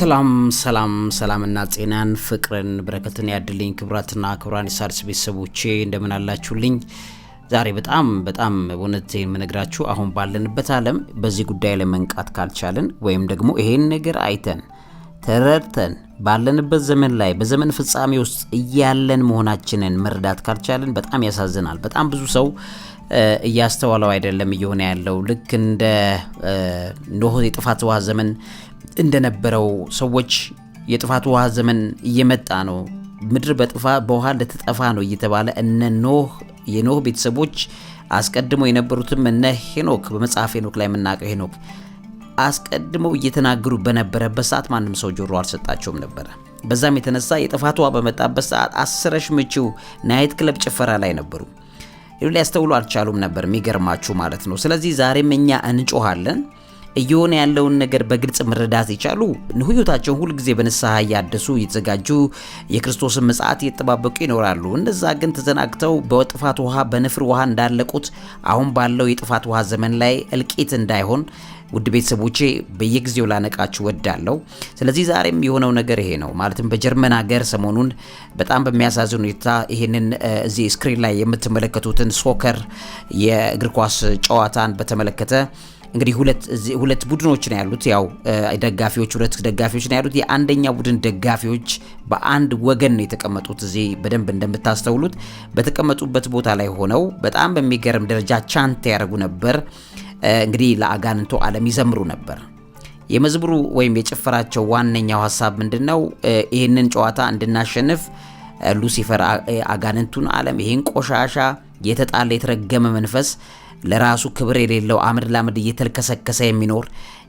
ሰላም ሰላም ሰላምና ጤናን ፍቅርን በረከትን ያድልኝ። ክብራትና ክብራን የሣድስ ቤተሰቦቼ እንደምን አላችሁልኝ? ዛሬ በጣም በጣም እውነት የምነግራችሁ አሁን ባለንበት ዓለም በዚህ ጉዳይ ላይ መንቃት ካልቻልን ወይም ደግሞ ይሄን ነገር አይተን ተረድተን ባለንበት ዘመን ላይ በዘመን ፍጻሜ ውስጥ እያለን መሆናችንን መረዳት ካልቻልን በጣም ያሳዝናል። በጣም ብዙ ሰው እያስተዋለው አይደለም እየሆነ ያለው ልክ እንደ ኖህ የጥፋት ውሃ ዘመን እንደነበረው ሰዎች የጥፋት ውሃ ዘመን እየመጣ ነው፣ ምድር በጥፋ በውሃ እንደተጠፋ ነው እየተባለ እነ ኖህ የኖህ ቤተሰቦች አስቀድሞ የነበሩትም እነ ሄኖክ በመጽሐፍ ሄኖክ ላይ የምናውቀው ሄኖክ አስቀድመው እየተናገሩ በነበረበት ሰዓት ማንም ሰው ጆሮ አልሰጣቸውም ነበረ። በዛም የተነሳ የጥፋት ውሃ በመጣበት ሰዓት አስረሽ ምቹ ናይት ክለብ ጭፈራ ላይ ነበሩ። ሊያስተውሉ አልቻሉም ነበር፣ የሚገርማችሁ ማለት ነው። ስለዚህ ዛሬም እኛ እንጮሃለን እየሆነ ያለውን ነገር በግልጽ መረዳት የቻሉ ህይወታቸውን ሁልጊዜ በንስሐ እያደሱ የተዘጋጁ የክርስቶስን ምጽአት እየተጠባበቁ ይኖራሉ። እነዛ ግን ተዘናግተው በጥፋት ውሃ በንፍር ውሃ እንዳለቁት አሁን ባለው የጥፋት ውሃ ዘመን ላይ እልቂት እንዳይሆን ውድ ቤተሰቦቼ በየጊዜው ላነቃችሁ ወዳለው። ስለዚህ ዛሬም የሆነው ነገር ይሄ ነው። ማለትም በጀርመን ሀገር ሰሞኑን በጣም በሚያሳዝን ሁኔታ ይህንን እዚህ ስክሪን ላይ የምትመለከቱትን ሶከር የእግር ኳስ ጨዋታን በተመለከተ እንግዲህ ሁለት ቡድኖች ነው ያሉት። ያው ደጋፊዎች ሁለት ደጋፊዎች ነው ያሉት። የአንደኛ ቡድን ደጋፊዎች በአንድ ወገን ነው የተቀመጡት። እዚህ በደንብ እንደምታስተውሉት በተቀመጡበት ቦታ ላይ ሆነው በጣም በሚገርም ደረጃ ቻንት ያደርጉ ነበር። እንግዲህ ለአጋንንቶ ዓለም ይዘምሩ ነበር። የመዝሙሩ ወይም የጭፈራቸው ዋነኛው ሀሳብ ምንድን ነው? ይህንን ጨዋታ እንድናሸንፍ ሉሲፈር አጋንንቱን ዓለም ይህን ቆሻሻ የተጣለ የተረገመ መንፈስ ለራሱ ክብር የሌለው አመድ ላምድ እየተልከሰከሰ የሚኖር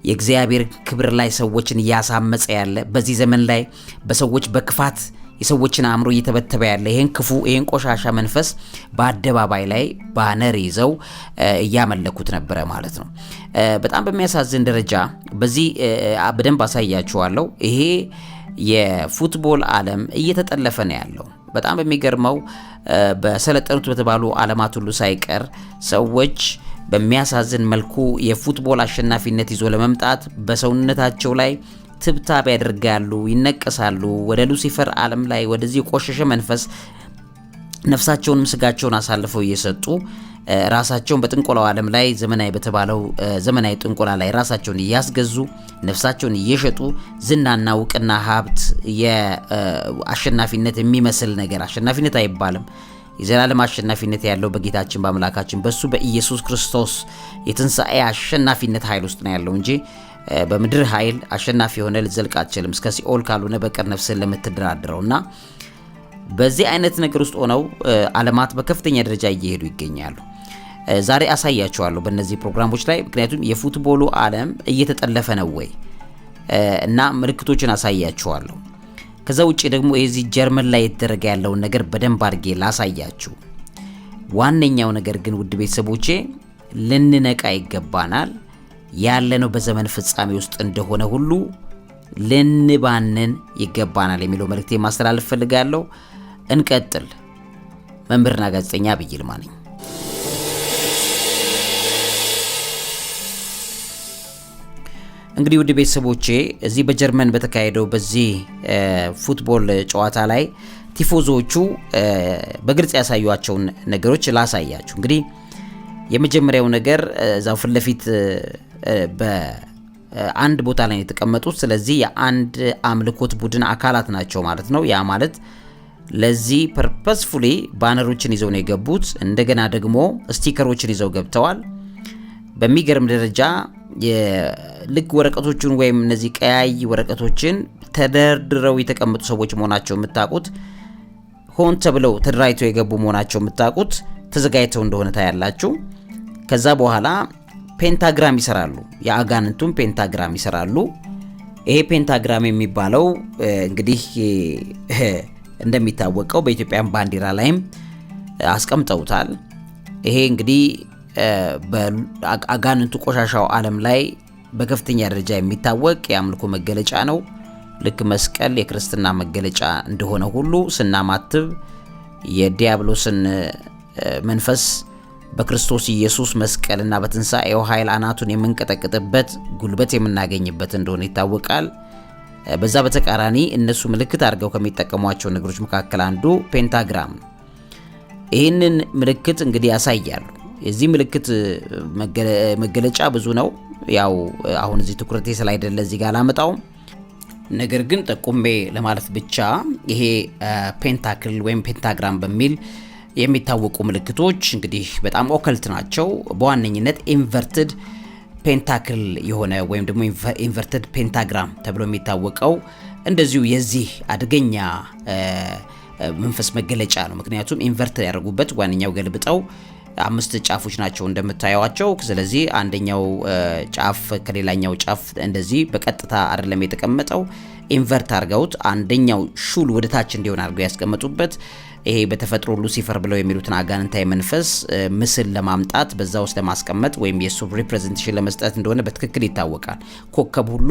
የእግዚአብሔር ክብር ላይ ሰዎችን እያሳመፀ ያለ በዚህ ዘመን ላይ በሰዎች በክፋት የሰዎችን አእምሮ እየተበተበ ያለ ይህን ክፉ ይህን ቆሻሻ መንፈስ በአደባባይ ላይ ባነር ይዘው እያመለኩት ነበረ ማለት ነው። በጣም በሚያሳዝን ደረጃ በዚህ በደንብ አሳያችኋለሁ። ይሄ የፉትቦል ዓለም እየተጠለፈ ነው ያለው። በጣም በሚገርመው በሰለጠኑት በተባሉ ዓለማት ሁሉ ሳይቀር ሰዎች በሚያሳዝን መልኩ የፉትቦል አሸናፊነት ይዞ ለመምጣት በሰውነታቸው ላይ ትብታብ ያደርጋሉ፣ ይነቀሳሉ። ወደ ሉሲፈር ዓለም ላይ ወደዚህ የቆሸሸ መንፈስ ነፍሳቸውንም ስጋቸውን አሳልፈው እየሰጡ ራሳቸውን በጥንቆላው ዓለም ላይ ዘመናዊ በተባለው ዘመናዊ ጥንቆላ ላይ ራሳቸውን እያስገዙ ነፍሳቸውን እየሸጡ ዝናና እውቅና ሀብት የአሸናፊነት የሚመስል ነገር አሸናፊነት አይባልም። የዘላለም አሸናፊነት ያለው በጌታችን በአምላካችን በሱ በኢየሱስ ክርስቶስ የትንሣኤ አሸናፊነት ኃይል ውስጥ ነው ያለው እንጂ በምድር ኃይል አሸናፊ የሆነ ልዘልቅ አትችልም እስከ ሲኦል ካልሆነ በቀር ነፍስን እና በዚህ አይነት ነገር ውስጥ ሆነው አለማት በከፍተኛ ደረጃ እየሄዱ ይገኛሉ። ዛሬ አሳያቸዋለሁ በእነዚህ ፕሮግራሞች ላይ ምክንያቱም የፉትቦሉ አለም እየተጠለፈ ነው ወይ እና ምልክቶችን አሳያቸዋለሁ ከዛ ውጭ ደግሞ የዚህ ጀርመን ላይ የተደረገ ያለውን ነገር በደንብ አድርጌ ላሳያችሁ። ዋነኛው ነገር ግን ውድ ቤተሰቦቼ ልንነቃ ይገባናል። ያለነው በዘመን ፍጻሜ ውስጥ እንደሆነ ሁሉ ልንባንን ይገባናል የሚለው መልእክቴ ማስተላለፍ ፈልጋለሁ። እንቀጥል። መምህርና ጋዜጠኛ ዐቢይ ይልማ ነኝ። እንግዲህ ውድ ቤተሰቦቼ እዚህ በጀርመን በተካሄደው በዚህ ፉትቦል ጨዋታ ላይ ቲፎዞዎቹ በግልጽ ያሳዩቸውን ነገሮች ላሳያችሁ። እንግዲህ የመጀመሪያው ነገር እዛው ፊት ለፊት በአንድ ቦታ ላይ የተቀመጡት፣ ስለዚህ የአንድ አምልኮት ቡድን አካላት ናቸው ማለት ነው። ያ ማለት ለዚህ ፐርፐስፉሊ ባነሮችን ይዘው ነው የገቡት። እንደገና ደግሞ ስቲከሮችን ይዘው ገብተዋል። በሚገርም ደረጃ የልግ ወረቀቶቹን ወይም እነዚህ ቀያይ ወረቀቶችን ተደርድረው የተቀመጡ ሰዎች መሆናቸው የምታውቁት ሆን ተብለው ተደራጅተው የገቡ መሆናቸው የምታውቁት ተዘጋጅተው እንደሆነ ታያላችሁ። ከዛ በኋላ ፔንታግራም ይሰራሉ። የአጋንንቱን ፔንታግራም ይሰራሉ። ይሄ ፔንታግራም የሚባለው እንግዲህ እንደሚታወቀው በኢትዮጵያን ባንዲራ ላይም አስቀምጠውታል። ይሄ እንግዲህ በአጋንንቱ ቆሻሻው ዓለም ላይ በከፍተኛ ደረጃ የሚታወቅ የአምልኮ መገለጫ ነው። ልክ መስቀል የክርስትና መገለጫ እንደሆነ ሁሉ ስናማትብ የዲያብሎስን መንፈስ በክርስቶስ ኢየሱስ መስቀልና በትንሣኤው ኃይል አናቱን የምንቀጠቅጥበት ጉልበት የምናገኝበት እንደሆነ ይታወቃል። በዛ በተቃራኒ እነሱ ምልክት አድርገው ከሚጠቀሟቸው ነገሮች መካከል አንዱ ፔንታግራም ነው። ይህንን ምልክት እንግዲህ ያሳያሉ። የዚህ ምልክት መገለጫ ብዙ ነው። ያው አሁን እዚህ ትኩረቴ ስላይደለ እዚህ ጋር አላመጣውም። ነገር ግን ጠቁሜ ለማለፍ ብቻ ይሄ ፔንታክል ወይም ፔንታግራም በሚል የሚታወቁ ምልክቶች እንግዲህ በጣም ኦከልት ናቸው። በዋነኝነት ኢንቨርትድ ፔንታክል የሆነ ወይም ደግሞ ኢንቨርተድ ፔንታግራም ተብሎ የሚታወቀው እንደዚሁ የዚህ አደገኛ መንፈስ መገለጫ ነው። ምክንያቱም ኢንቨርት ያደረጉበት ዋነኛው ገልብጠው አምስት ጫፎች ናቸው እንደምታየዋቸው። ስለዚህ አንደኛው ጫፍ ከሌላኛው ጫፍ እንደዚህ በቀጥታ አይደለም የተቀመጠው፣ ኢንቨርት አድርገውት አንደኛው ሹል ወደታች እንዲሆን አድርገው ያስቀመጡበት ይሄ በተፈጥሮ ሉሲፈር ብለው የሚሉትን አጋንንታዊ መንፈስ ምስል ለማምጣት በዛ ውስጥ ለማስቀመጥ ወይም የእሱ ሪፕሬዘንቴሽን ለመስጠት እንደሆነ በትክክል ይታወቃል። ኮከብ ሁሉ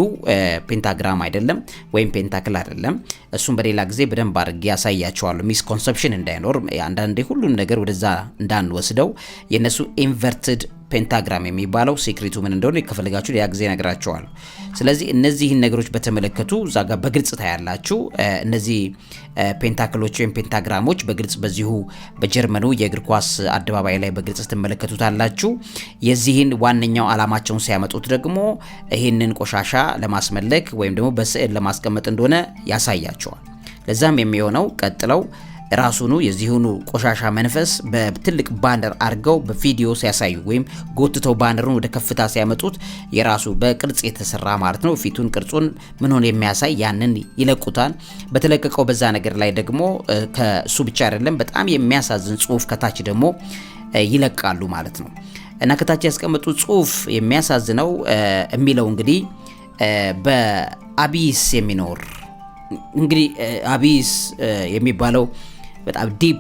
ፔንታግራም አይደለም ወይም ፔንታክል አይደለም። እሱም በሌላ ጊዜ በደንብ አድርጌ ያሳያቸዋሉ። ሚስኮንሰፕሽን እንዳይኖር አንዳንዴ ሁሉም ነገር ወደዛ እንዳንወስደው የእነሱ ኢንቨርትድ ፔንታግራም የሚባለው ሴክሬቱ ምን እንደሆነ ከፈለጋችሁ ያ ጊዜ ነግራችኋል። ስለዚህ እነዚህን ነገሮች በተመለከቱ እዛ ጋር በግልጽ ታያላችሁ። እነዚህ ፔንታክሎች ወይም ፔንታግራሞች በግልጽ በዚሁ በጀርመኑ የእግር ኳስ አደባባይ ላይ በግልጽ ትመለከቱታላችሁ። የዚህን ዋነኛው ዓላማቸውን ሲያመጡት ደግሞ ይህንን ቆሻሻ ለማስመለክ ወይም ደግሞ በስዕል ለማስቀመጥ እንደሆነ ያሳያቸዋል። ለዛም የሚሆነው ቀጥለው ራሱኑ የዚሁኑ ቆሻሻ መንፈስ በትልቅ ባነር አድርገው በቪዲዮ ሲያሳዩ ወይም ጎትተው ባነሩን ወደ ከፍታ ሲያመጡት የራሱ በቅርጽ የተሰራ ማለት ነው ፊቱን ቅርጹን ምንሆን የሚያሳይ ያንን ይለቁታል። በተለቀቀው በዛ ነገር ላይ ደግሞ ከሱ ብቻ አይደለም በጣም የሚያሳዝን ጽሁፍ ከታች ደግሞ ይለቃሉ ማለት ነው እና ከታች ያስቀመጡ ጽሁፍ የሚያሳዝነው የሚለው እንግዲህ በአቢስ የሚኖር እንግዲህ አቢስ የሚባለው በጣም ዲፕ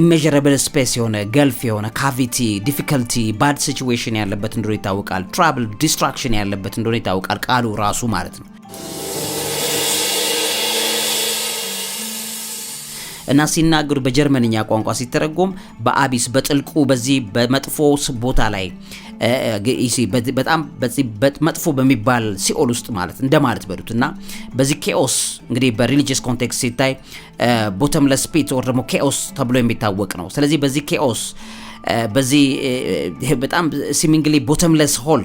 ኢሜዥረብል ስፔስ የሆነ ገልፍ የሆነ ካቪቲ ዲፊከልቲ ባድ ሲቹዌሽን ያለበት እንደሆነ ይታወቃል። ትራብል ዲስትራክሽን ያለበት እንደሆነ ይታወቃል። ቃሉ ራሱ ማለት ነው። እና ሲናገሩ በጀርመንኛ ቋንቋ ሲተረጎም በአቢስ በጥልቁ በዚህ በመጥፎ ቦታ ላይ በጣም መጥፎ በሚባል ሲኦል ውስጥ ማለት እንደማለት በሉት እና በዚህ ኬኦስ እንግዲህ በሪሊጂየስ ኮንቴክስት ሲታይ ቦተምለስ ፒት ወር ደግሞ ኬኦስ ተብሎ የሚታወቅ ነው። ስለዚህ በዚህ ኬኦስ በዚህ በጣም ሲሚንግሊ ቦተምለስ ሆል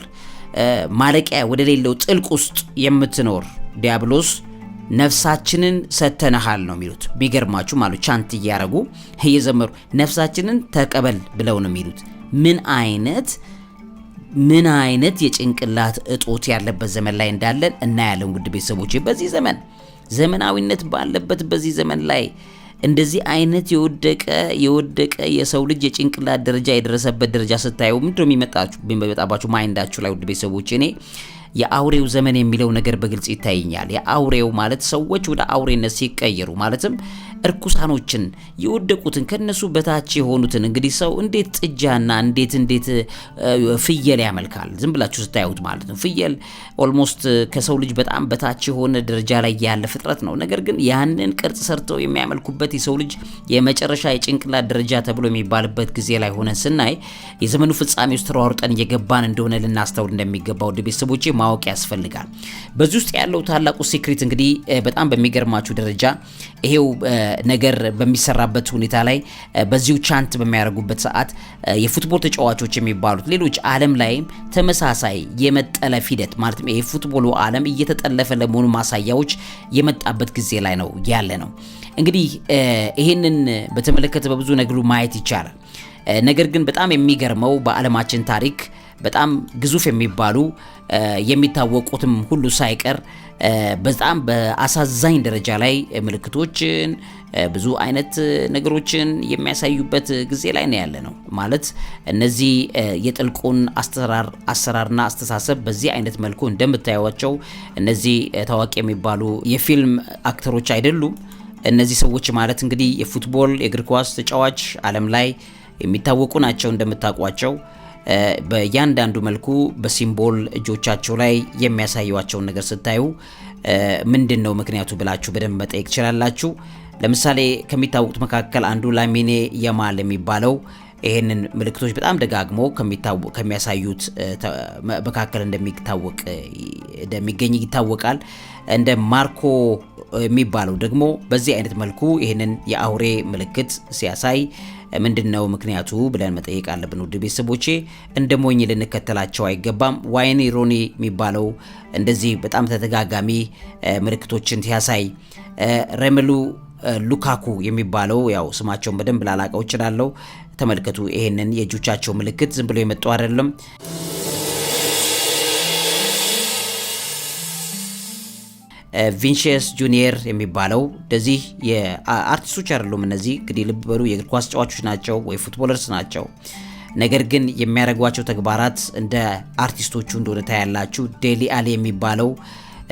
ማለቂያ ወደሌለው ጥልቅ ውስጥ የምትኖር ዲያብሎስ ነፍሳችንን ሰተነሃል ነው የሚሉት። ቢገርማችሁ ማለት ቻንት እያረጉ እየዘመሩ ነፍሳችንን ተቀበል ብለው ነው የሚሉት። ምን አይነት ምን አይነት የጭንቅላት እጦት ያለበት ዘመን ላይ እንዳለን እናያለን። ውድ ቤተሰቦች፣ በዚህ ዘመን ዘመናዊነት ባለበት በዚህ ዘመን ላይ እንደዚህ አይነት የወደቀ የወደቀ የሰው ልጅ የጭንቅላት ደረጃ የደረሰበት ደረጃ ስታየው የሚመጣችሁ የሚመጣባችሁ ማይንዳችሁ ላይ ውድ ቤተሰቦች እኔ የአውሬው ዘመን የሚለው ነገር በግልጽ ይታየኛል። የአውሬው ማለት ሰዎች ወደ አውሬነት ሲቀየሩ ማለትም እርኩሳኖችን የወደቁትን ከነሱ በታች የሆኑትን እንግዲህ ሰው እንዴት ጥጃና እንዴት እንዴት ፍየል ያመልካል? ዝም ብላችሁ ስታዩት ማለት ነው። ፍየል ኦልሞስት ከሰው ልጅ በጣም በታች የሆነ ደረጃ ላይ ያለ ፍጥረት ነው። ነገር ግን ያንን ቅርጽ ሰርተው የሚያመልኩበት የሰው ልጅ የመጨረሻ የጭንቅላት ደረጃ ተብሎ የሚባልበት ጊዜ ላይ ሆነ ስናይ የዘመኑ ፍጻሜ ውስጥ ተሯሩጠን እየገባን እንደሆነ ልናስተውል እንደሚገባ ውድ ቤተሰቦቼ ማወቅ ያስፈልጋል። በዚህ ውስጥ ያለው ታላቁ ሲክሪት እንግዲህ በጣም በሚገርማችሁ ደረጃ ይሄው ነገር በሚሰራበት ሁኔታ ላይ በዚሁ ቻንት በሚያደርጉበት ሰዓት የፉትቦል ተጫዋቾች የሚባሉት ሌሎች ዓለም ላይም ተመሳሳይ የመጠለፍ ሂደት ማለትም የፉትቦሉ ዓለም እየተጠለፈ ለመሆኑ ማሳያዎች የመጣበት ጊዜ ላይ ነው ያለ ነው። እንግዲህ ይህንን በተመለከተ በብዙ ነገሩ ማየት ይቻላል። ነገር ግን በጣም የሚገርመው በዓለማችን ታሪክ በጣም ግዙፍ የሚባሉ የሚታወቁትም ሁሉ ሳይቀር በጣም በአሳዛኝ ደረጃ ላይ ምልክቶችን ብዙ አይነት ነገሮችን የሚያሳዩበት ጊዜ ላይ ነው ያለ ነው። ማለት እነዚህ የጥልቁን አሰራርና አስተሳሰብ በዚህ አይነት መልኩ እንደምታዩቸው እነዚህ ታዋቂ የሚባሉ የፊልም አክተሮች አይደሉም። እነዚህ ሰዎች ማለት እንግዲህ የፉትቦል የእግር ኳስ ተጫዋች አለም ላይ የሚታወቁ ናቸው እንደምታውቋቸው በእያንዳንዱ መልኩ በሲምቦል እጆቻቸው ላይ የሚያሳዩቸውን ነገር ስታዩ ምንድን ነው ምክንያቱ ብላችሁ በደንብ መጠየቅ ትችላላችሁ። ለምሳሌ ከሚታወቁት መካከል አንዱ ላሚኔ የማል የሚባለው ይህንን ምልክቶች በጣም ደጋግሞ ከሚያሳዩት መካከል እንደሚገኝ ይታወቃል። እንደ ማርኮ የሚባለው ደግሞ በዚህ አይነት መልኩ ይህንን የአውሬ ምልክት ሲያሳይ ምንድን ነው ምክንያቱ ብለን መጠየቅ አለብን። ውድ ቤተሰቦቼ እንደ ሞኝ ልንከተላቸው አይገባም። ዋይን ሮኒ የሚባለው እንደዚህ በጣም ተደጋጋሚ ምልክቶችን ሲያሳይ ረምሉ ሉካኩ የሚባለው ያው ስማቸውን በደንብ ላላቀው እችላለሁ። ተመልከቱ፣ ይሄንን የእጆቻቸው ምልክት ዝም ብሎ የመጡ አይደለም። ቪንሽስ ጁኒየር የሚባለው እንደዚህ የአርቲስቶች አይደሉም። እነዚህ እንግዲህ ልብ በሉ የእግር ኳስ ተጫዋቾች ናቸው ወይ ፉትቦለርስ ናቸው። ነገር ግን የሚያደርጓቸው ተግባራት እንደ አርቲስቶቹ እንደሆነ ታያላችሁ። ዴሊ አሊ የሚባለው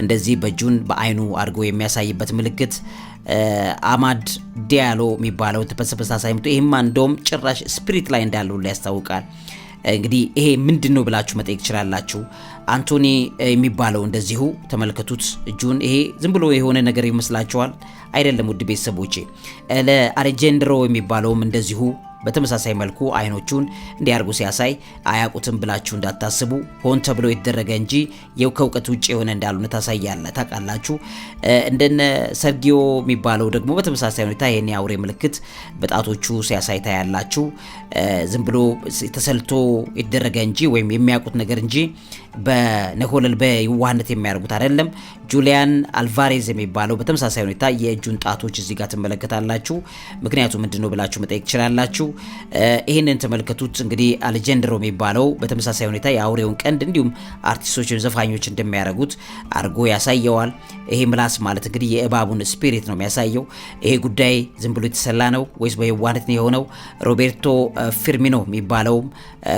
እንደዚህ በእጁን በአይኑ አድርጎ የሚያሳይበት ምልክት አማድ ዲያሎ የሚባለው በተመሳሳይ ምቶ ይህም እንደውም ጭራሽ ስፒሪት ላይ እንዳለው ያስታውቃል። እንግዲህ ይሄ ምንድን ነው ብላችሁ መጠየቅ ትችላላችሁ። አንቶኒ የሚባለው እንደዚሁ ተመልከቱት እጁን። ይሄ ዝም ብሎ የሆነ ነገር ይመስላችኋል? አይደለም ውድ ቤተሰቦቼ። ለአሌጀንድሮ የሚባለውም እንደዚሁ በተመሳሳይ መልኩ አይኖቹን እንዲያርጉ ሲያሳይ አያውቁትም ብላችሁ እንዳታስቡ፣ ሆን ተብሎ የተደረገ እንጂ የው ከእውቀት ውጭ የሆነ እንዳልሆነ ታሳያለ ታውቃላችሁ። እንደነ ሰርጊዮ የሚባለው ደግሞ በተመሳሳይ ሁኔታ ይህን የአውሬ ምልክት በጣቶቹ ሲያሳይ ታያላችሁ። ዝም ብሎ ተሰልቶ የተደረገ እንጂ ወይም የሚያውቁት ነገር እንጂ በነኮለል በይዋነት የሚያደርጉት አይደለም። ጁሊያን አልቫሬዝ የሚባለው በተመሳሳይ ሁኔታ የእጁን ጣቶች እዚህ ጋር ትመለከታላችሁ። ምክንያቱ ምንድን ነው ብላችሁ መጠየቅ ትችላላችሁ። ይህንን ተመልከቱት። እንግዲህ አልጀንድሮ የሚባለው በተመሳሳይ ሁኔታ የአውሬውን ቀንድ እንዲሁም አርቲስቶችን፣ ዘፋኞች እንደሚያደርጉት አድርጎ ያሳየዋል። ይሄ ምላስ ማለት እንግዲህ የእባቡን ስፒሪት ነው የሚያሳየው። ይሄ ጉዳይ ዝም ብሎ የተሰላ ነው ወይስ በየዋነት ነው የሆነው? ሮቤርቶ ፊርሚኖ የሚባለውም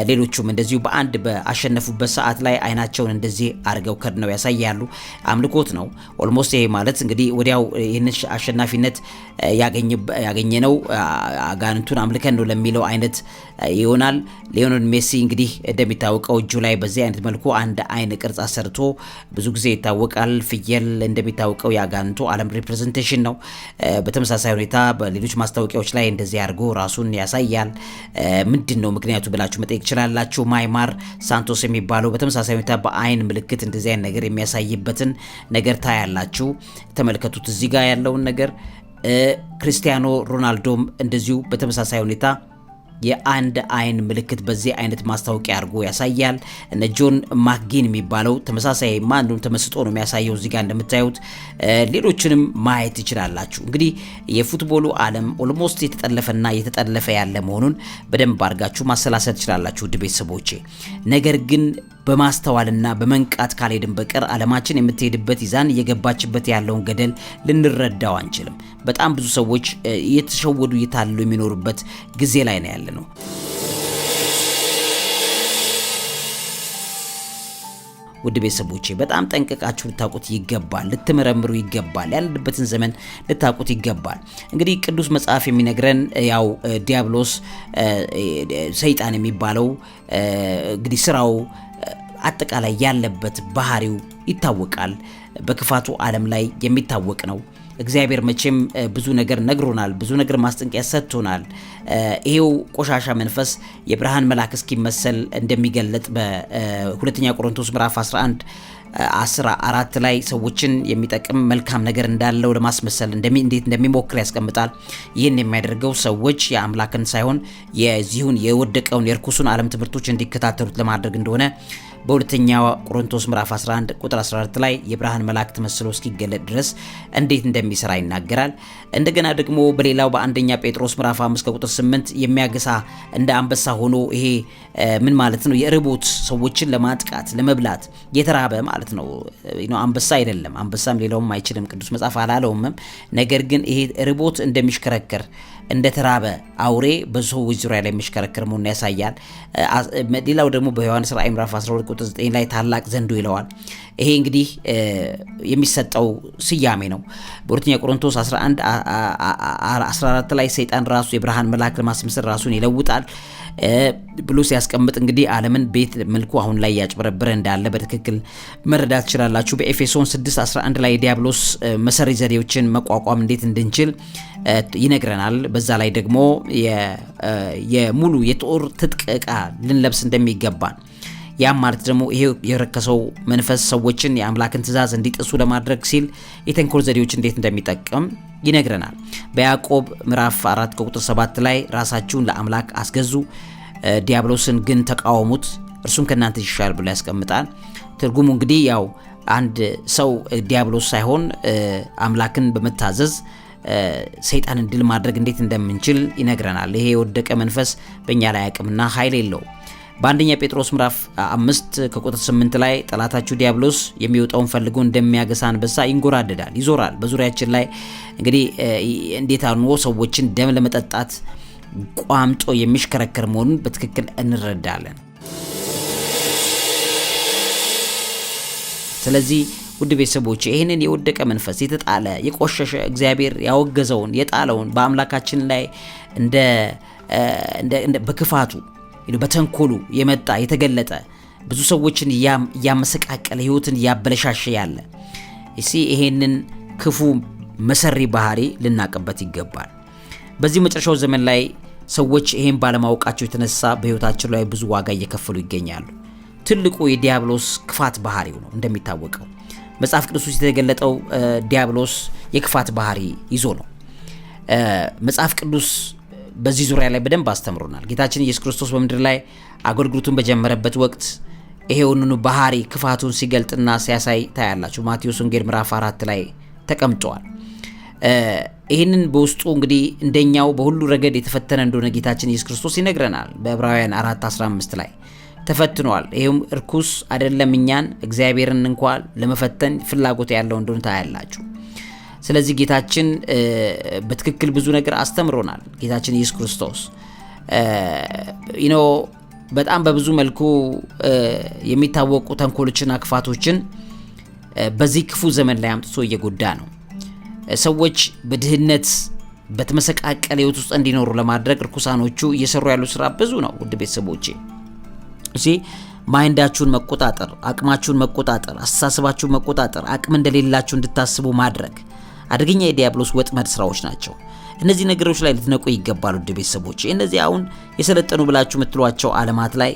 ሌሎቹም እንደዚሁ በአንድ በአሸነፉበት ሰዓት ላይ አይናቸውን እንደዚህ አድርገው ከድ ነው ያሳያሉ። አምልኮት ነው ኦልሞስት። ይሄ ማለት እንግዲህ ወዲያው ይህንን አሸናፊነት ያገኘ ነው አጋንንቱን አምልከን ነው ለሚለው አይነት ይሆናል። ሊዮኔል ሜሲ እንግዲህ እንደሚታወቀው እጁ ላይ በዚህ አይነት መልኩ አንድ አይን ቅርጽ አሰርቶ ብዙ ጊዜ ይታወቃል። ፍየል እንደሚታወቀው የአጋንንቱ ዓለም ሪፕሬዘንቴሽን ነው። በተመሳሳይ ሁኔታ በሌሎች ማስታወቂያዎች ላይ እንደዚህ አድርጎ ራሱን ያሳያል። ምንድን ነው ምክንያቱ ብላችሁ መጠየቅ ችላላችሁ ማይማር ሳንቶስ የሚባለው በተመሳሳይ ሁኔታ በአይን ምልክት እንደዚህ አይነት ነገር የሚያሳይበትን ነገር ታያላችሁ። ተመልከቱት እዚህ ጋር ያለውን ነገር ክርስቲያኖ ሮናልዶም እንደዚሁ በተመሳሳይ ሁኔታ የአንድ አይን ምልክት በዚህ አይነት ማስታወቂያ አድርጎ ያሳያል። እነ ጆን ማክጊን የሚባለው ተመሳሳይ ማንም ተመስጦ ነው የሚያሳየው እዚህ ጋር እንደምታዩት። ሌሎችንም ማየት ትችላላችሁ። እንግዲህ የፉትቦሉ ዓለም ኦልሞስት የተጠለፈና የተጠለፈ ያለ መሆኑን በደንብ አድርጋችሁ ማሰላሰል ትችላላችሁ ውድ ቤተሰቦቼ። ነገር ግን በማስተዋልና በመንቃት ካልሄድን በቀር ዓለማችን የምትሄድበት ይዛን እየገባችበት ያለውን ገደል ልንረዳው አንችልም። በጣም ብዙ ሰዎች እየተሸወዱ እየታለሉ የሚኖሩበት ጊዜ ላይ ነው ያለ ነው። ውድ ቤተሰቦቼ በጣም ጠንቀቃችሁ ልታውቁት ይገባል። ልትመረምሩ ይገባል። ያለንበትን ዘመን ልታውቁት ይገባል። እንግዲህ ቅዱስ መጽሐፍ የሚነግረን ያው ዲያብሎስ ሰይጣን የሚባለው እንግዲህ ስራው አጠቃላይ ያለበት ባህሪው ይታወቃል። በክፋቱ ዓለም ላይ የሚታወቅ ነው። እግዚአብሔር መቼም ብዙ ነገር ነግሮናል፣ ብዙ ነገር ማስጠንቀቂያ ሰጥቶናል። ይሄው ቆሻሻ መንፈስ የብርሃን መልአክ እስኪመሰል እንደሚገለጥ በሁለተኛ ቆሮንቶስ ምዕራፍ 11 አስራ አራት ላይ ሰዎችን የሚጠቅም መልካም ነገር እንዳለው ለማስመሰል እንዴት እንደሚሞክር ያስቀምጣል። ይህን የሚያደርገው ሰዎች የአምላክን ሳይሆን የዚሁን የወደቀውን የርኩሱን ዓለም ትምህርቶች እንዲከታተሉት ለማድረግ እንደሆነ በሁለተኛ ቆሮንቶስ ምዕራፍ 11 ቁጥር 14 ላይ የብርሃን መላእክት መስሎ እስኪገለጥ ድረስ እንዴት እንደሚሰራ ይናገራል። እንደገና ደግሞ በሌላው በአንደኛ ጴጥሮስ ምዕራፍ 5 ቁጥር 8 የሚያገሳ እንደ አንበሳ ሆኖ ይሄ ምን ማለት ነው? የርቦት ሰዎችን ለማጥቃት ለመብላት የተራበ ማለት ነው። አንበሳ አይደለም። አንበሳም ሌላውም አይችልም። ቅዱስ መጽሐፍ አላለውምም። ነገር ግን ይሄ ርቦት እንደሚሽከረከር እንደተራበ አውሬ በሰዎች ዙሪያ ላይ የሚሽከረከር መሆኑን ያሳያል። ሌላው ደግሞ በዮሐንስ ራእይ ምዕራፍ 12 ቁጥር 9 ላይ ታላቅ ዘንዶ ይለዋል ይሄ እንግዲህ የሚሰጠው ስያሜ ነው። በሁለተኛ ቆሮንቶስ 11 14 ላይ ሰይጣን ራሱ የብርሃን መልአክ ለማስመሰል ራሱን ይለውጣል ብሎ ሲያስቀምጥ እንግዲህ ዓለምን ቤት መልኩ አሁን ላይ ያጭበረብረ እንዳለ በትክክል መረዳት ትችላላችሁ። በኤፌሶን 6 11 ላይ ዲያብሎስ መሰሪ ዘዴዎችን መቋቋም እንዴት እንድንችል ይነግረናል። በዛ ላይ ደግሞ የሙሉ የጦር ትጥቅ ዕቃ ልንለብስ እንደሚገባን ያም ማለት ደግሞ ይሄ የረከሰው መንፈስ ሰዎችን የአምላክን ትእዛዝ እንዲጥሱ ለማድረግ ሲል የተንኮል ዘዴዎች እንዴት እንደሚጠቀም ይነግረናል። በያዕቆብ ምዕራፍ 4 ከቁጥር 7 ላይ ራሳችሁን ለአምላክ አስገዙ፣ ዲያብሎስን ግን ተቃወሙት፣ እርሱም ከእናንተ ይሻል ብሎ ያስቀምጣል። ትርጉሙ እንግዲህ ያው አንድ ሰው ዲያብሎስ ሳይሆን አምላክን በመታዘዝ ሰይጣንን ድል ማድረግ እንዴት እንደምንችል ይነግረናል። ይሄ የወደቀ መንፈስ በእኛ ላይ አቅምና ኃይል የለውም። በአንደኛ ጴጥሮስ ምዕራፍ አምስት ከቁጥር ስምንት ላይ ጠላታችሁ ዲያብሎስ የሚወጣውን ፈልጎ እንደሚያገሳ አንበሳ ይንጎራደዳል፣ ይዞራል። በዙሪያችን ላይ እንግዲህ እንዴት አኑሮ ሰዎችን ደም ለመጠጣት ቋምጦ የሚሽከረከር መሆኑን በትክክል እንረዳለን። ስለዚህ ውድ ቤተሰቦች ይህንን የወደቀ መንፈስ የተጣለ የቆሸሸ እግዚአብሔር ያወገዘውን የጣለውን በአምላካችን ላይ እንደ በክፋቱ በተንኮሉ የመጣ የተገለጠ ብዙ ሰዎችን እያመሰቃቀለ ህይወትን እያበለሻሸ ያለ እሲ ይሄንን ክፉ መሰሪ ባህሪ ልናቅበት ይገባል። በዚህ መጨረሻው ዘመን ላይ ሰዎች ይሄን ባለማወቃቸው የተነሳ በህይወታቸው ላይ ብዙ ዋጋ እየከፈሉ ይገኛሉ። ትልቁ የዲያብሎስ ክፋት ባህሪው ነው። እንደሚታወቀው መጽሐፍ ቅዱስ ውስጥ የተገለጠው ዲያብሎስ የክፋት ባህሪ ይዞ ነው መጽሐፍ ቅዱስ በዚህ ዙሪያ ላይ በደንብ አስተምሮናል። ጌታችን ኢየሱስ ክርስቶስ በምድር ላይ አገልግሎቱን በጀመረበት ወቅት ይሄውንኑ ባህሪ ክፋቱን ሲገልጥና ሲያሳይ ታያላችሁ። ማቴዎስ ወንጌል ምዕራፍ አራት ላይ ተቀምጠዋል። ይህንን በውስጡ እንግዲህ እንደኛው በሁሉ ረገድ የተፈተነ እንደሆነ ጌታችን ኢየሱስ ክርስቶስ ይነግረናል። በዕብራውያን 4 15 ላይ ተፈትኗል፣ ይህም እርኩስ አይደለም እኛን እግዚአብሔርን እንኳ ለመፈተን ፍላጎት ያለው እንደሆነ ታያላችሁ። ስለዚህ ጌታችን በትክክል ብዙ ነገር አስተምሮናል። ጌታችን ኢየሱስ ክርስቶስ ኖ በጣም በብዙ መልኩ የሚታወቁ ተንኮሎችና ክፋቶችን በዚህ ክፉ ዘመን ላይ አምጥቶ እየጎዳ ነው። ሰዎች በድህነት በተመሰቃቀለ ሕይወት ውስጥ እንዲኖሩ ለማድረግ እርኩሳኖቹ እየሰሩ ያሉ ስራ ብዙ ነው። ውድ ቤተሰቦቼ እሺ፣ ማይንዳችሁን መቆጣጠር፣ አቅማችሁን መቆጣጠር፣ አስተሳሰባችሁን መቆጣጠር፣ አቅም እንደሌላችሁ እንድታስቡ ማድረግ አደገኛ የዲያብሎስ ወጥመድ ስራዎች ናቸው። እነዚህ ነገሮች ላይ ልትነቁ ይገባሉ። ውድ ቤተሰቦች እነዚህ አሁን የሰለጠኑ ብላችሁ የምትሏቸው ዓለማት ላይ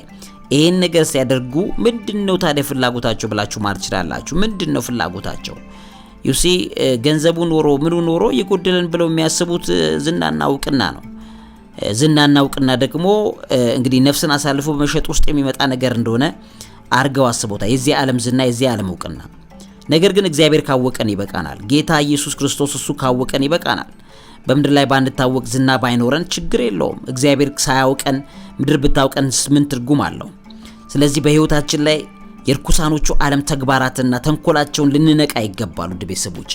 ይህን ነገር ሲያደርጉ ምንድን ነው ታዲያ ፍላጎታቸው ብላችሁ ማር ትችላላችሁ። ምንድን ነው ፍላጎታቸው? ዩሲ ገንዘቡ ኖሮ ምኑ ኖሮ የጎደለን ብለው የሚያስቡት ዝናና እውቅና ነው። ዝናና እውቅና ደግሞ እንግዲህ ነፍስን አሳልፎ በመሸጥ ውስጥ የሚመጣ ነገር እንደሆነ አርገው አስቦታል። የዚህ ዓለም ዝና፣ የዚህ ዓለም እውቅና ነገር ግን እግዚአብሔር ካወቀን ይበቃናል። ጌታ ኢየሱስ ክርስቶስ እሱ ካወቀን ይበቃናል። በምድር ላይ ባንታወቅ ዝና ባይኖረን ችግር የለውም። እግዚአብሔር ሳያውቀን ምድር ብታውቀን ምን ትርጉም አለው? ስለዚህ በሕይወታችን ላይ የርኩሳኖቹ ዓለም ተግባራትና ተንኮላቸውን ልንነቃ ይገባሉ። ውድ ቤተሰቦቼ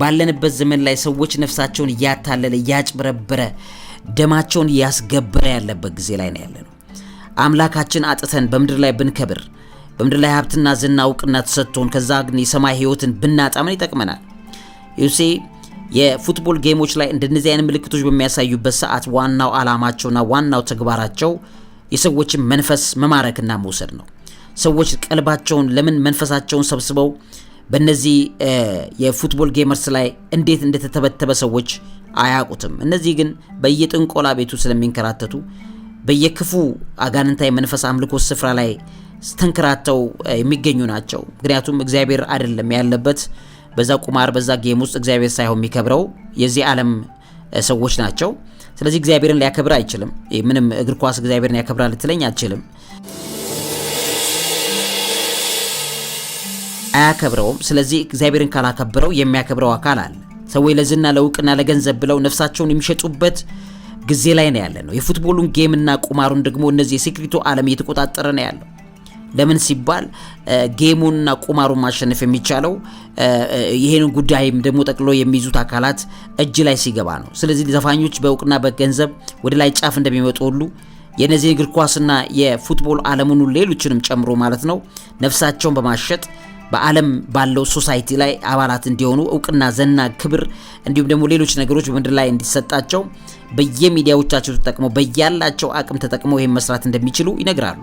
ባለንበት ዘመን ላይ ሰዎች ነፍሳቸውን እያታለለ እያጭበረበረ ደማቸውን እያስገበረ ያለበት ጊዜ ላይ ነው ያለነው። አምላካችን አጥተን በምድር ላይ ብንከብር በምድር ላይ ሀብትና ዝና እውቅና ተሰጥቶን ከዛ ግን የሰማይ ህይወትን ብናጣምን ይጠቅመናል? ዩሴ የፉትቦል ጌሞች ላይ እንደነዚህ አይነት ምልክቶች በሚያሳዩበት ሰዓት ዋናው ዓላማቸውና ዋናው ተግባራቸው የሰዎችን መንፈስ መማረክና መውሰድ ነው። ሰዎች ቀልባቸውን ለምን መንፈሳቸውን ሰብስበው በእነዚህ የፉትቦል ጌመርስ ላይ እንዴት እንደተተበተበ ሰዎች አያውቁትም። እነዚህ ግን በየጥንቆላ ቤቱ ስለሚንከራተቱ በየክፉ አጋንንታዊ መንፈስ አምልኮ ስፍራ ላይ ተንከራተው የሚገኙ ናቸው። ምክንያቱም እግዚአብሔር አይደለም ያለበት በዛ ቁማር በዛ ጌም ውስጥ እግዚአብሔር ሳይሆን የሚከብረው የዚህ ዓለም ሰዎች ናቸው። ስለዚህ እግዚአብሔርን ሊያከብር አይችልም። ምንም እግር ኳስ እግዚአብሔርን ያከብራል ልትለኝ አትችልም። አያከብረውም። ስለዚህ እግዚአብሔርን ካላከብረው የሚያከብረው አካል አለ። ሰዎች ለዝና ለእውቅና፣ ለገንዘብ ብለው ነፍሳቸውን የሚሸጡበት ጊዜ ላይ ነው ያለ ነው። የፉትቦሉን ጌምና ቁማሩን ደግሞ እነዚህ የሴክሪቱ ዓለም እየተቆጣጠረ ነው ያለው። ለምን ሲባል ጌሙንና ቁማሩን ማሸነፍ የሚቻለው ይህን ጉዳይም ደግሞ ጠቅሎ የሚይዙት አካላት እጅ ላይ ሲገባ ነው። ስለዚህ ዘፋኞች በእውቅና በገንዘብ ወደ ላይ ጫፍ እንደሚመጡ ሁሉ የነዚህ እግር ኳስና የፉትቦል ዓለሙን ሌሎችንም ጨምሮ ማለት ነው ነፍሳቸውን በማሸጥ በዓለም ባለው ሶሳይቲ ላይ አባላት እንዲሆኑ እውቅና፣ ዘና ክብር እንዲሁም ደግሞ ሌሎች ነገሮች በምድር ላይ እንዲሰጣቸው በየሚዲያዎቻቸው ተጠቅመው በያላቸው አቅም ተጠቅመው ይህን መስራት እንደሚችሉ ይነግራሉ።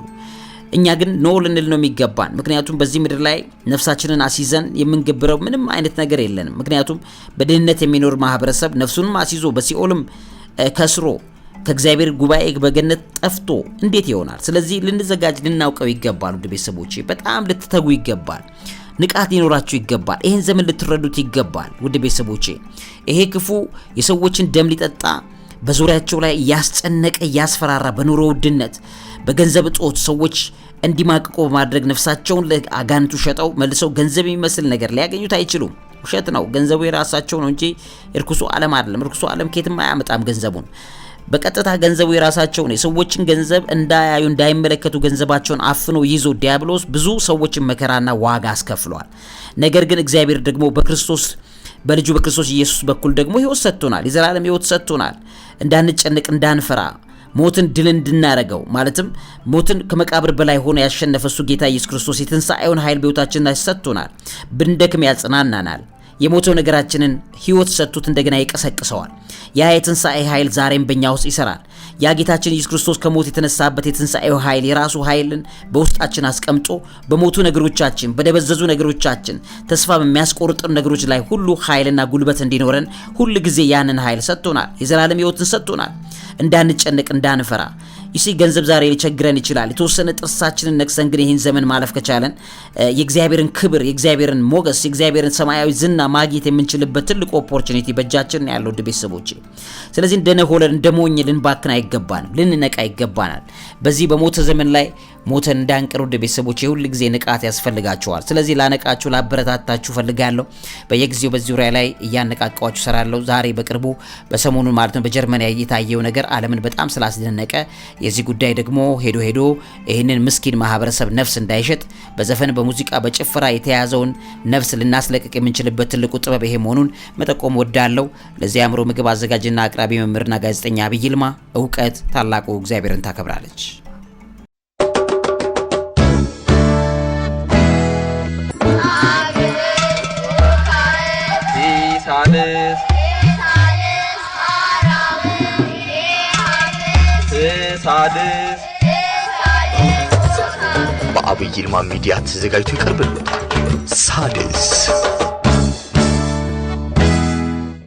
እኛ ግን ኖ ልንል ነው የሚገባን። ምክንያቱም በዚህ ምድር ላይ ነፍሳችንን አስይዘን የምንገብረው ምንም አይነት ነገር የለንም። ምክንያቱም በድህነት የሚኖር ማህበረሰብ ነፍሱንም አስይዞ በሲኦልም ከስሮ ከእግዚአብሔር ጉባኤ በገነት ጠፍቶ እንዴት ይሆናል? ስለዚህ ልንዘጋጅ ልናውቀው ይገባል። ውድ ቤተሰቦች በጣም ልትተጉ ይገባል። ንቃት ሊኖራችሁ ይገባል። ይህን ዘመን ልትረዱት ይገባል። ውድ ቤተሰቦቼ ይሄ ክፉ የሰዎችን ደም ሊጠጣ በዙሪያቸው ላይ እያስጨነቀ እያስፈራራ በኑሮ ውድነት በገንዘብ እጦት ሰዎች እንዲማቅቁ በማድረግ ነፍሳቸውን ለአጋንቱ ሸጠው መልሰው ገንዘብ የሚመስል ነገር ሊያገኙት አይችሉም። ውሸት ነው። ገንዘቡ የራሳቸው ነው እንጂ እርኩሱ ዓለም አይደለም። እርኩሱ ዓለም ከየትም አያመጣም ገንዘቡን በቀጥታ ገንዘቡ የራሳቸው ነው። የሰዎችን ገንዘብ እንዳያዩ እንዳይመለከቱ ገንዘባቸውን አፍኖ ይዞ ዲያብሎስ ብዙ ሰዎችን መከራና ዋጋ አስከፍሏል። ነገር ግን እግዚአብሔር ደግሞ በክርስቶስ በልጁ በክርስቶስ ኢየሱስ በኩል ደግሞ ሕይወት ሰጥቶናል። የዘላለም ሕይወት ሰጥቶናል። እንዳንጨንቅ፣ እንዳንፈራ ሞትን ድል እንድናረገው ማለትም ሞትን ከመቃብር በላይ ሆኖ ያሸነፈ እሱ ጌታ ኢየሱስ ክርስቶስ የትንሣኤውን ኃይል በሕይወታችን ላይ ሰጥቶናል። ብንደክም ያጽናናናል። የሞተው ነገራችንን ሕይወት ሰጥቶት እንደገና ይቀሰቅሰዋል። ያ የትንሣኤ ኃይል ዛሬም በእኛ ውስጥ ይሰራል። ያ ጌታችን ኢየሱስ ክርስቶስ ከሞት የተነሳበት የትንሣኤው ኃይል የራሱ ኃይልን በውስጣችን አስቀምጦ በሞቱ ነገሮቻችን፣ በደበዘዙ ነገሮቻችን፣ ተስፋ በሚያስቆርጥሩ ነገሮች ላይ ሁሉ ኃይልና ጉልበት እንዲኖረን ሁል ጊዜ ያንን ኃይል ሰጥቶናል። የዘላለም ሕይወትን ሰጥቶናል። እንዳንጨነቅ፣ እንዳንፈራ ይሲ ገንዘብ ዛሬ ሊቸግረን ይችላል። የተወሰነ ጥርሳችንን ነክሰን ግን ይህን ዘመን ማለፍ ከቻለን የእግዚአብሔርን ክብር፣ የእግዚአብሔርን ሞገስ፣ የእግዚአብሔርን ሰማያዊ ዝና ማግኘት የምንችልበት ትልቁ ኦፖርቹኒቲ በእጃችን ያለው ውድ ቤተሰቦች። ስለዚህ እንደነሆለን እንደሞኝ ልንባክን አይገባንም፣ ልንነቃ ይገባናል። በዚህ በሞተ ዘመን ላይ ሞተን እንዳንቀር ውድ ቤተሰቦች የሁል ጊዜ ንቃት ያስፈልጋቸዋል። ስለዚህ ላነቃችሁ፣ ላበረታታችሁ ፈልጋለሁ። በየጊዜው በዚህ ዙሪያ ላይ እያነቃቃችሁ ሰራለሁ። ዛሬ በቅርቡ በሰሞኑን ማለት ነው በጀርመን የታየው ነገር ዓለምን በጣም ስላስደነቀ የዚህ ጉዳይ ደግሞ ሄዶ ሄዶ ይህንን ምስኪን ማህበረሰብ ነፍስ እንዳይሸጥ በዘፈን በሙዚቃ በጭፈራ የተያዘውን ነፍስ ልናስለቅቅ የምንችልበት ትልቁ ጥበብ ይሄ መሆኑን መጠቆም ወዳለው። ለዚህ አምሮ ምግብ አዘጋጅና አቅራቢ መምህርና ጋዜጠኛ አብይ ይልማ እውቀት ታላቁ እግዚአብሔርን ታከብራለች። ሳድስ በአብይ ይልማ ሚዲያ ተዘጋጅቶ ይቀርብልዎታል። ሳድስ